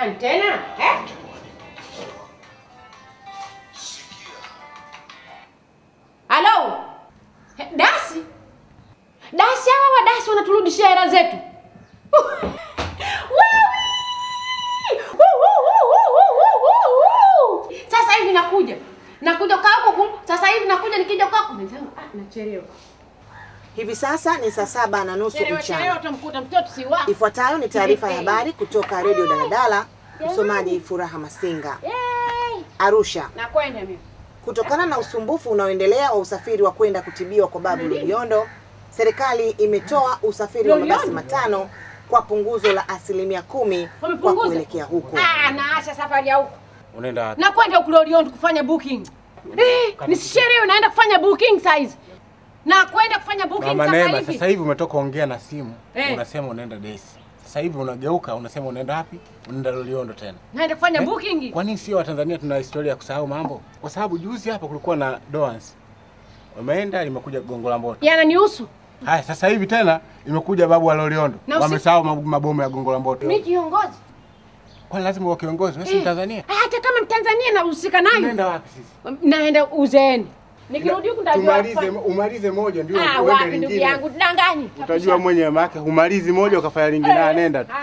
Antena, eh? Halo? Dasi? Dasi hawa wa wanaturudishia hela zetu. Sasa hivi nakuja. Nakuja kwako. Sasa hivi nakuja nikija kwako. Ah, nachelewa. Hivi sasa ni saa saba na nusu mchana. Ifuatayo ni taarifa ya habari kutoka Radio Daladala, msomaji Furaha Masinga. Arusha. Kutokana na usumbufu unaoendelea wa usafiri wa kwenda kutibiwa kwa babu Lubiondo, serikali imetoa usafiri wa mabasi matano kwa punguzo la asilimia kumi kwa kuelekea huko. Ah, naacha safari ya huko. Unaenda nakwenda huko Loliondo kufanya booking. Eh, nisishelewe, naenda kufanya booking size na kwenda kufanya booking sasa hivi. Sasa hivi umetoka ongea na simu eh, Unasema unaenda Desi, sasa hivi unageuka unasema unaenda wapi? Unaenda Loliondo tena, naenda kufanya eh? booking. Kwa nini sio Watanzania tuna historia ya kusahau mambo? Kwa sababu juzi hapa kulikuwa na Doans, umeenda limekuja Gongo la Mboto, yananihusu Haya, sasa hivi tena imekuja babu wa Loliondo, wamesahau usi... mabomu ya Gongo la Mboto. Mimi kiongozi Kwani lazima uwe kiongozi? Wewe si eh. Mtanzania? Hata kama Mtanzania na nahusika nayo. Unaenda wapi sisi? Naenda uzeeni nikirudi huku umalize, umalize moja ndio ah, uende lingine. Ndugu yangu nanganyi utajua mwenyewe maana umalizi moja ukafanya lingine, eh, anaenda ah, tu.